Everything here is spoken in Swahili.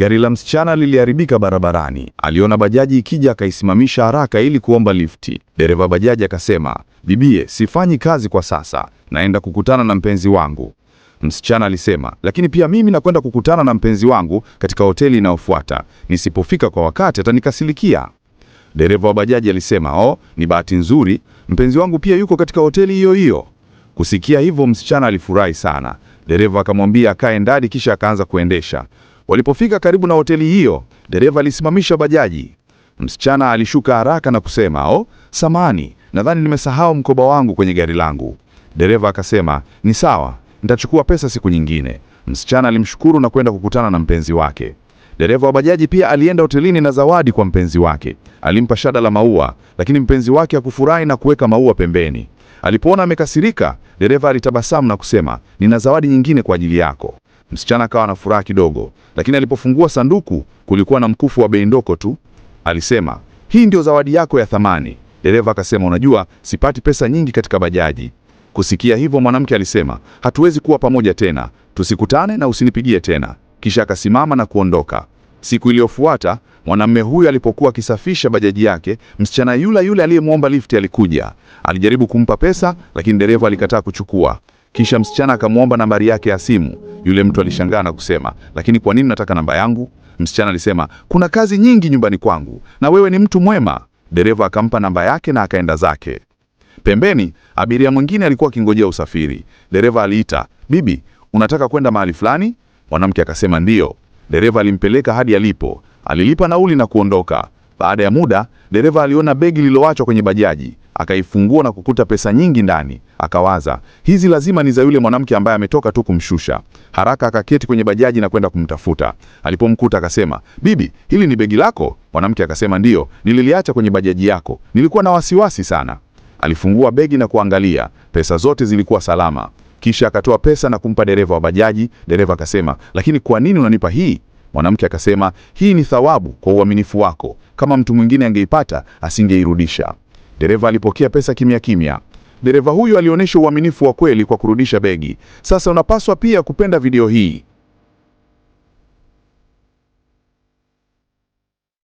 Gari la msichana liliharibika barabarani. Aliona bajaji ikija, akaisimamisha haraka ili kuomba lifti. Dereva bajaji akasema, bibie, sifanyi kazi kwa sasa, naenda kukutana na mpenzi wangu. Msichana alisema, lakini pia mimi nakwenda kukutana na mpenzi wangu katika hoteli inayofuata, nisipofika kwa wakati atanikasirikia. Dereva wa bajaji alisema, oh, ni bahati nzuri, mpenzi wangu pia yuko katika hoteli hiyo hiyo. Kusikia hivyo, msichana alifurahi sana. Dereva akamwambia akae ndani, kisha akaanza kuendesha. Walipofika karibu na hoteli hiyo, dereva alisimamisha bajaji. Msichana alishuka haraka na kusema, "Oh, samani, nadhani nimesahau mkoba wangu kwenye gari langu." Dereva akasema, "Ni sawa, nitachukua pesa siku nyingine." Msichana alimshukuru na kwenda kukutana na mpenzi wake. Dereva wa bajaji pia alienda hotelini na zawadi kwa mpenzi wake. Alimpa shada la maua, lakini mpenzi wake hakufurahi na kuweka maua pembeni. Alipoona amekasirika, dereva alitabasamu na kusema, "Nina zawadi nyingine kwa ajili yako." Msichana akawa na furaha kidogo, lakini alipofungua sanduku kulikuwa na mkufu wa bei ndogo tu. Alisema, hii ndio zawadi yako ya thamani. Dereva akasema, unajua sipati pesa nyingi katika bajaji. Kusikia hivyo, mwanamke alisema, hatuwezi kuwa pamoja tena, tusikutane na usinipigie tena. Kisha akasimama na kuondoka. Siku iliyofuata mwanamume huyo alipokuwa akisafisha bajaji yake, msichana yule yule aliyemwomba lifti alikuja. Alijaribu kumpa pesa, lakini dereva alikataa kuchukua. Kisha msichana akamwomba nambari yake ya simu. Yule mtu alishangaa na kusema, lakini kwa nini nataka namba yangu? Msichana alisema, kuna kazi nyingi nyumbani kwangu na wewe ni mtu mwema. Dereva akampa namba yake na akaenda zake. Pembeni, abiria mwingine alikuwa akingojea usafiri. Dereva aliita, bibi, unataka kwenda mahali fulani? Mwanamke akasema ndiyo. Dereva alimpeleka hadi alipo, alilipa nauli na kuondoka. Baada ya muda, dereva aliona begi lililoachwa kwenye bajaji, akaifungua na kukuta pesa nyingi ndani. Akawaza, hizi lazima ni za yule mwanamke ambaye ametoka tu kumshusha. Haraka akaketi kwenye bajaji na kwenda kumtafuta. Alipomkuta akasema, bibi, hili ni begi lako? Mwanamke akasema, ndiyo, nililiacha kwenye bajaji yako, nilikuwa na wasiwasi sana. Alifungua begi na kuangalia, pesa zote zilikuwa salama. Kisha akatoa pesa na kumpa dereva wa bajaji. Dereva akasema, lakini kwa nini unanipa hii? Mwanamke akasema, hii ni thawabu kwa uaminifu wako, kama mtu mwingine angeipata asingeirudisha. Dereva alipokea pesa kimya kimya. Dereva huyu alionyesha uaminifu wa kweli kwa kurudisha begi. Sasa unapaswa pia kupenda video hii.